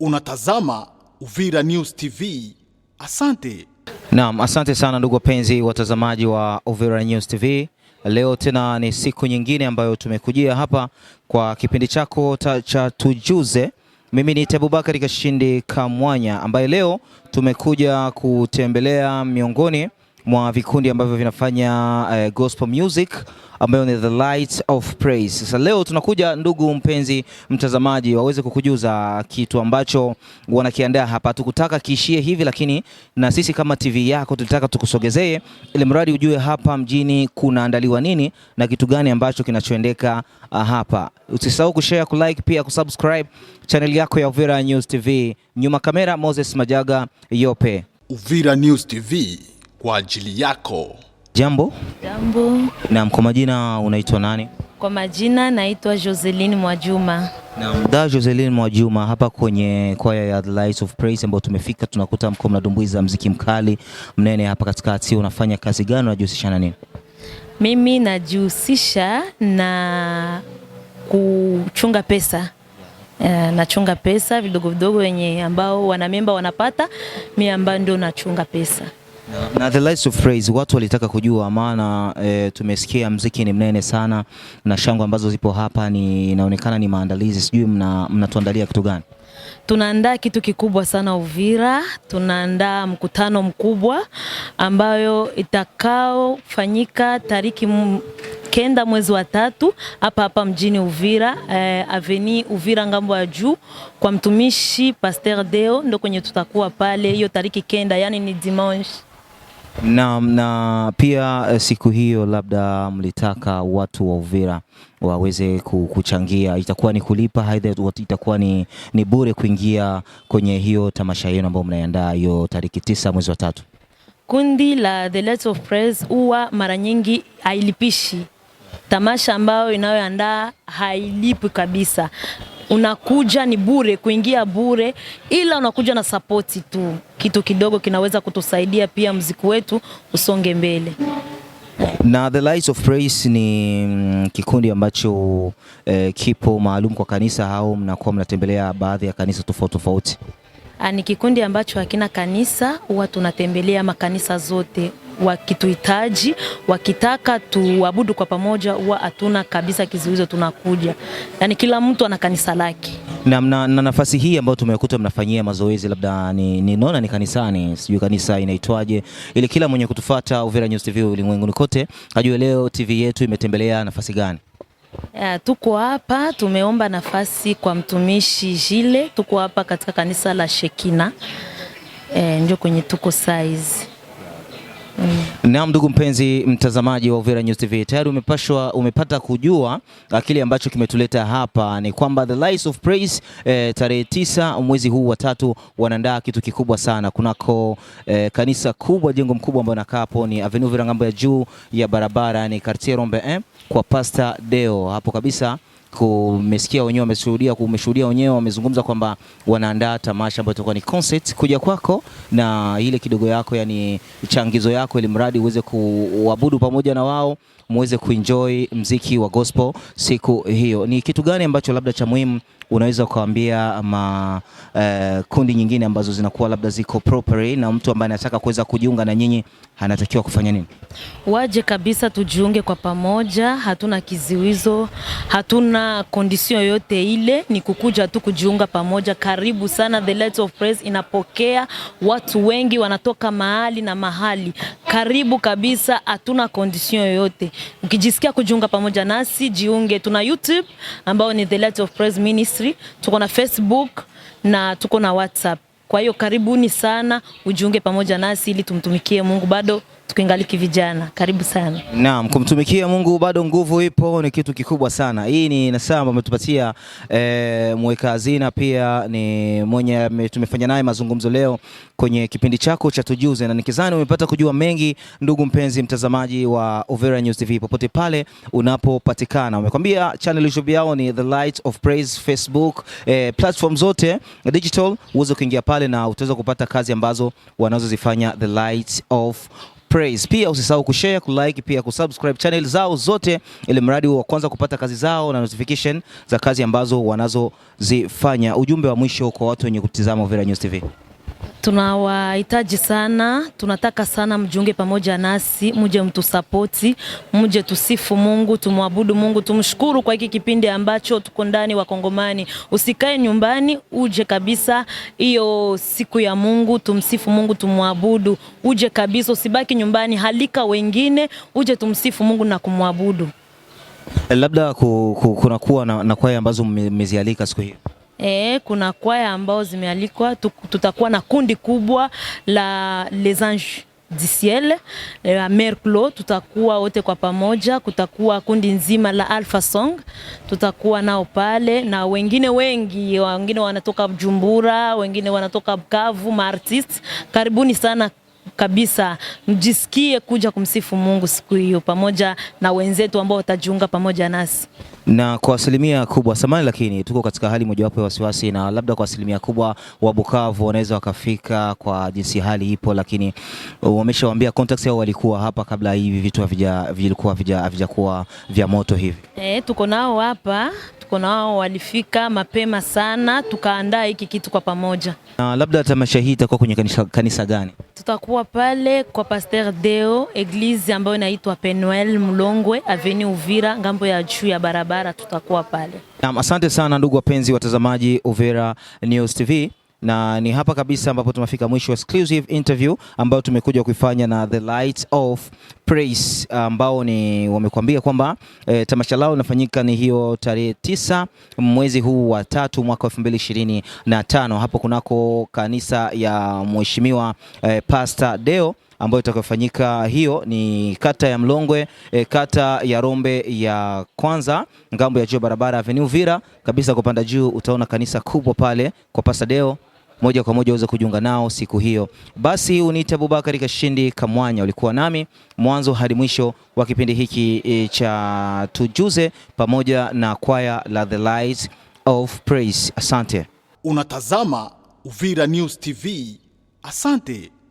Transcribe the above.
Unatazama Uvira News TV. Asante. Naam, asante sana ndugu wapenzi watazamaji wa Uvira News TV. Leo tena ni siku nyingine ambayo tumekujia hapa kwa kipindi chako cha Tujuze. Mimi ni Tabubakari Kashindi Kamwanya ambaye leo tumekuja kutembelea miongoni mwa vikundi ambavyo vinafanya uh, gospel music ambayo ni The Light of Praise. Sasa leo tunakuja, ndugu mpenzi mtazamaji, waweze kukujuza kitu ambacho wanakiandaa hapa. Tukutaka kiishie hivi, lakini na sisi kama TV yako tulitaka tukusogezee, ili mradi ujue hapa mjini kunaandaliwa nini na kitu gani ambacho kinachoendeka ah, hapa. Usisahau kushare, kulike, pia kusubscribe channel yako ya Uvira News TV. Nyuma kamera Moses Majaga Yope, Uvira News TV kwa ajili yako. Jambo. Jambo. Naam, kwa majina unaitwa nani? Kwa majina naitwa Joseline Mwajuma. Naam, da Joseline Mwajuma hapa kwenye kwaya ya The Light of Praise ambayo tumefika, tunakuta mko mnadumbuiza mziki mkali mnene hapa katikati. Unafanya kazi gani? Unajihusisha na nini? Mimi najihusisha na kuchunga pesa eh, nachunga pesa vidogo vidogo wenye ambao wanamemba wanapata, mi ambao ndio nachunga pesa na, the last of watu walitaka kujua, maana e, tumesikia mziki ni mnene sana na shangwe ambazo zipo hapa ni inaonekana ni maandalizi, sijui mnatuandalia mna kitu gani? Tunaandaa kitu kikubwa sana Uvira, tunaandaa mkutano mkubwa ambayo itakaofanyika tariki kenda mwezi wa tatu hapa hapa mjini Uvira eh, aveni Uvira ngambo ya juu kwa mtumishi Pasteur Deo, ndo kwenye tutakuwa pale hiyo tariki kenda, yani ni dimanche na, na pia eh, siku hiyo labda mlitaka watu wa Uvira waweze kuchangia, itakuwa ni kulipa aidha itakuwa ni, ni bure kuingia kwenye hiyo tamasha yenu ambayo mnaiandaa hiyo tariki tisa mwezi wa tatu. Kundi la The Light of Praise huwa mara nyingi hailipishi tamasha ambayo inayoandaa hailipi kabisa unakuja ni bure, kuingia bure, ila unakuja na sapoti tu, kitu kidogo kinaweza kutusaidia pia mziki wetu usonge mbele. Na The Lights of Praise ni mm, kikundi ambacho eh, kipo maalum kwa kanisa au mnakuwa mnatembelea baadhi ya kanisa tofauti tofauti? Ah, ni kikundi ambacho hakina kanisa, huwa tunatembelea makanisa zote wakituhitaji, wakitaka tuabudu kwa pamoja, huwa hatuna kabisa kizuizo, tunakuja. Yani kila mtu ana kanisa lake. Na, na, na nafasi hii ambayo tumekuta mnafanyia mazoezi labda ni, ni naona ni kanisani, sijui kanisa inaitwaje, ili kila mwenye kutufata Uvira News TV ulimwenguni kote ajue leo TV yetu imetembelea nafasi gani. Ya, tuko hapa tumeomba nafasi kwa mtumishi Jile, tuko hapa katika kanisa la Shekina e, ndio kwenye tuko size Naam, ndugu mpenzi mtazamaji wa Uvira News TV, tayari umepashwa umepata kujua ah, kile ambacho kimetuleta hapa ni kwamba The Lies of Praise eh, tarehe tisa mwezi huu wa tatu wanaandaa kitu kikubwa sana kunako eh, kanisa kubwa, jengo mkubwa ambao nakaa hapo ni Avenue Uvira, ngambo ya juu ya barabara ni Quartier Rombe eh, kwa Pastor Deo hapo kabisa kumesikia wenyewe, wameshuhudia kumeshuhudia wenyewe, wamezungumza kwamba wanaandaa tamasha ambayo itakuwa ni concert. Kuja kwako na ile kidogo yako, yani changizo yako, ili mradi uweze kuabudu pamoja na wao muweze kuenjoy mziki wa gospel siku hiyo. Ni kitu gani ambacho labda cha muhimu unaweza kuambia ma uh, eh, kundi nyingine ambazo zinakuwa labda ziko properly na mtu ambaye anataka kuweza kujiunga na nyinyi anatakiwa kufanya nini? Waje kabisa tujiunge kwa pamoja, hatuna kiziwizo, hatuna kondisio yoyote ile, ni kukuja tu kujiunga pamoja. Karibu sana, The Light of Praise inapokea watu wengi wanatoka mahali na mahali. Karibu kabisa, hatuna kondisio yoyote. Ukijisikia kujiunga pamoja nasi jiunge. Tuna YouTube ambao ni The Light of Praise Ministry, tuko na Facebook na tuko na WhatsApp. Kwa hiyo karibuni sana ujiunge pamoja nasi ili tumtumikie Mungu bado tukiingaliki vijana. Karibu sana. Naam, kumtumikia Mungu bado nguvu ipo, ni kitu kikubwa sana. Hii ni nasaa ambayo ametupatia e, mweka hazina pia ni mwenye tumefanya naye mazungumzo leo kwenye kipindi chako cha Tujuze, na nikizani umepata kujua mengi, ndugu mpenzi mtazamaji wa Uvira News TV popote pale unapopatikana. Umekwambia channel YouTube yao ni The Light of Praise Facebook, e, platform zote digital, uweze kuingia pale na utaweza kupata kazi ambazo wanazozifanya The Light of Praise. Pia usisahau kushare, kulike, pia kusubscribe channel zao zote, ili mradi wa kwanza kupata kazi zao na notification za kazi ambazo wanazozifanya. Ujumbe wa mwisho kwa watu wenye kutizama Uvira News TV tunawahitaji sana, tunataka sana mjiunge pamoja nasi, muje mtusapoti, muje tusifu Mungu, tumwabudu Mungu, tumshukuru kwa hiki kipindi ambacho tuko ndani. Wakongomani, usikae nyumbani, uje kabisa hiyo siku ya Mungu, tumsifu Mungu, tumwabudu, uje kabisa, usibaki nyumbani, halika wengine, uje tumsifu Mungu na kumwabudu. Labda kunakuwa na, na kwaya ambazo mmezialika siku hiyo E, kuna kwaya ambao zimealikwa. Tutakuwa na kundi kubwa la Les Anges du Ciel e, la Merclo, tutakuwa wote kwa pamoja. Kutakuwa kundi nzima la Alpha Song, tutakuwa nao pale na wengine wengi, wengine wanatoka Bujumbura, wengine wanatoka Bukavu, maartist. Karibuni sana kabisa mjisikie kuja kumsifu Mungu siku hiyo pamoja na wenzetu ambao watajiunga pamoja nasi. Na kwa asilimia kubwa samani, lakini tuko katika hali mojawapo ya wasiwasi, na labda kwa asilimia kubwa wa Bukavu wanaweza wakafika kwa jinsi hali ipo, lakini wameshawaambia contacts yao walikuwa hapa kabla hivi vitu vilikuwa havijakuwa vya moto hivi. E, tuko nao hapa tuko nao walifika mapema sana, tukaandaa hiki kitu kwa pamoja. Na labda tamasha hii itakuwa kwenye kanisa, kanisa gani? Tutakuwa pale kwa Pasteur Deo Eglise ambayo inaitwa Penuel Mlongwe Avenue Uvira, ngambo ya juu ya barabara, tutakuwa pale. Naam, asante sana ndugu wapenzi watazamaji Uvira News TV na ni hapa kabisa ambapo tunafika mwisho wa exclusive interview ambayo tumekuja kuifanya na The Light of Praise ambao ni wamekwambia kwamba e, tamasha lao linafanyika ni hiyo tarehe tisa mwezi huu wa tatu mwaka tano hapo kunako kanisa ya mheshimiwa e, Pastor Deo ambayo itakayofanyika hiyo ni kata ya Mlongwe e, kata ya Rombe ya kwanza ngambo ya juu barabara Avenue Uvira kabisa kupanda juu, utaona kanisa kubwa pale kwa Pasadeo moja kwa moja uweze kujiunga nao siku hiyo. Basi uniita Abubakari Kashindi Kamwanya, ulikuwa nami mwanzo hadi mwisho wa kipindi hiki e, cha Tujuze pamoja na kwaya la The Light of Praise. Asante, unatazama Uvira News TV. Asante.